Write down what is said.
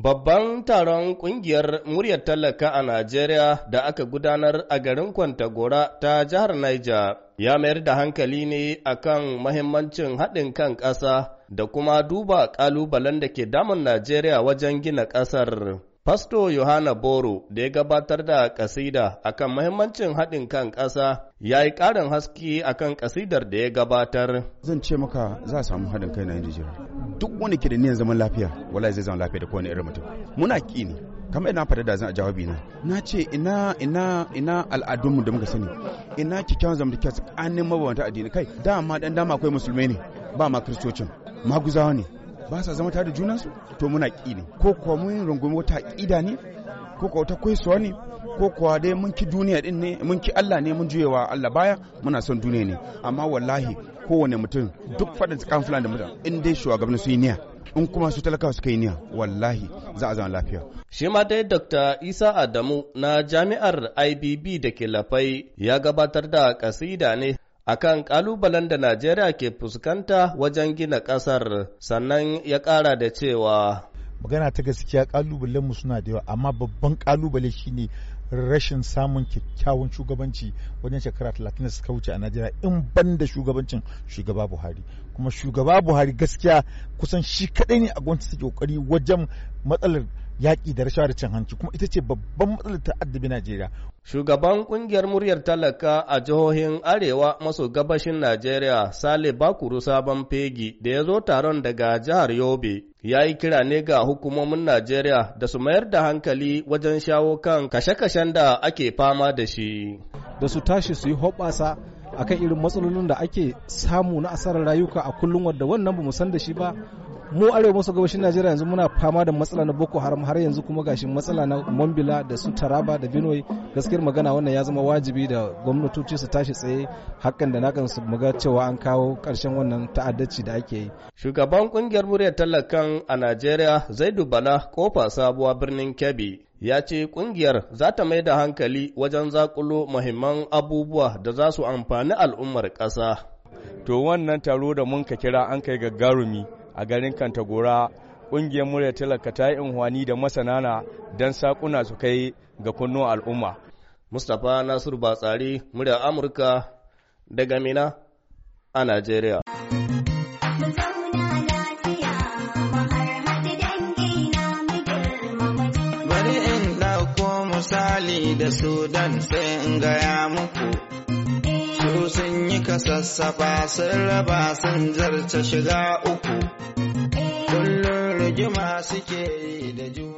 Babban taron ƙungiyar muryar talaka a Najeriya da aka gudanar a garin Kwantagora ta jihar Niger ya mayar da hankali ne akan mahimmancin haɗin kan ƙasa da kuma duba ƙalubalen da ke damun Najeriya wajen gina ƙasar. Fasto Yohana Boro da ya gabatar da kasida akan mahimmancin haɗin kan ƙasa ya yi ƙarin haske akan kasidar da ya gabatar. Zan ce maka za a samu haɗin kai na jijira. Duk wani ke da niyan zaman lafiya, wala zai zama lafiya da kowane irin mutum. Muna ƙi ne, kamar ina faɗa da zan a jawabi na. Na ce ina ina ina al'adunmu da muka sani, ina kyakkyawan zamantakewa tsakanin mabambanta addini kai dama dan dama akwai musulmai ne ba ma kiristocin maguzawa ne ba sa zama tare da su to muna ƙi ne ko kuwa mun rungumi wata ƙida ne ko kuwa wata kwaisuwa ne ko kuwa dai mun ki duniya din ne mun ki Allah ne mun juyewa Allah baya muna son duniya ne amma wallahi kowane mutum duk fadin tsakan fulani da mutum in dai shugabanni su yi niyya in kuma su talakawa suka yi niyya wallahi za a zama lafiya. Shi ma dai Dr. Isa Adamu na jami'ar IBB da ke Lafai ya gabatar da kasida ne akan ƙalubalen da Najeriya ke fuskanta wajen gina ƙasar sannan ya ƙara da cewa magana ta gaskiya ƙalubalenmu suna da yawa amma babban ƙalubale shine rashin samun kyakkyawan shugabanci wajen shekara talatin da suka wuce a najeriya in ban da shugabancin shugaba buhari kuma shugaba buhari gaskiya kusan shi kaɗai ne a gwamnati suke kokari wajen matsalar yaƙi da rashawar cin hanci kuma ita ce babban matsalar ta'addabi Najeriya. Shugaban ƙungiyar muryar talaka a jihohin Arewa maso gabashin Najeriya Sale Bakuru Sabon Fegi da ya zo taron daga jihar Yobe ya yi kira ne ga hukumomin Najeriya da su mayar da hankali wajen shawo kan kashe-kashen da ake fama da shi. Da su tashi su yi hoɓasa akan irin matsalolin da ake samu na asarar rayuka a kullum wadda wannan ba mu san da shi ba mu arewa maso gabashin najeriya yanzu muna fama da matsala na boko haram har yanzu kuma gashi matsala na mambila da su taraba da binoy gaskiyar magana wannan ya zama wajibi da gwamnatoci su tashi tsaye hakan da nakan su muga cewa an kawo karshen wannan ta'addaci da ake yi shugaban kungiyar muryar talakan a najeriya zaidu bala kofa sabuwa birnin kebbi ya ce kungiyar za ta mai da hankali wajen zakulo muhimman abubuwa da za su amfani al'ummar ƙasa. To wannan taro da mun ka kira an kai gagarumi. a garin Kantagora ƙungiyar murya talaka ta yi inwani da masana na don sakuna su kai ga kunnuwan al'umma. Mustapha Nasiru Batsari, murya Amurka daga Mina a Najeriya. Bari in ɗauko misali da Sudan sai in gaya muku. ka sassaba sun sanjar sun shiga uku. Kullum rigima suke yi da juna.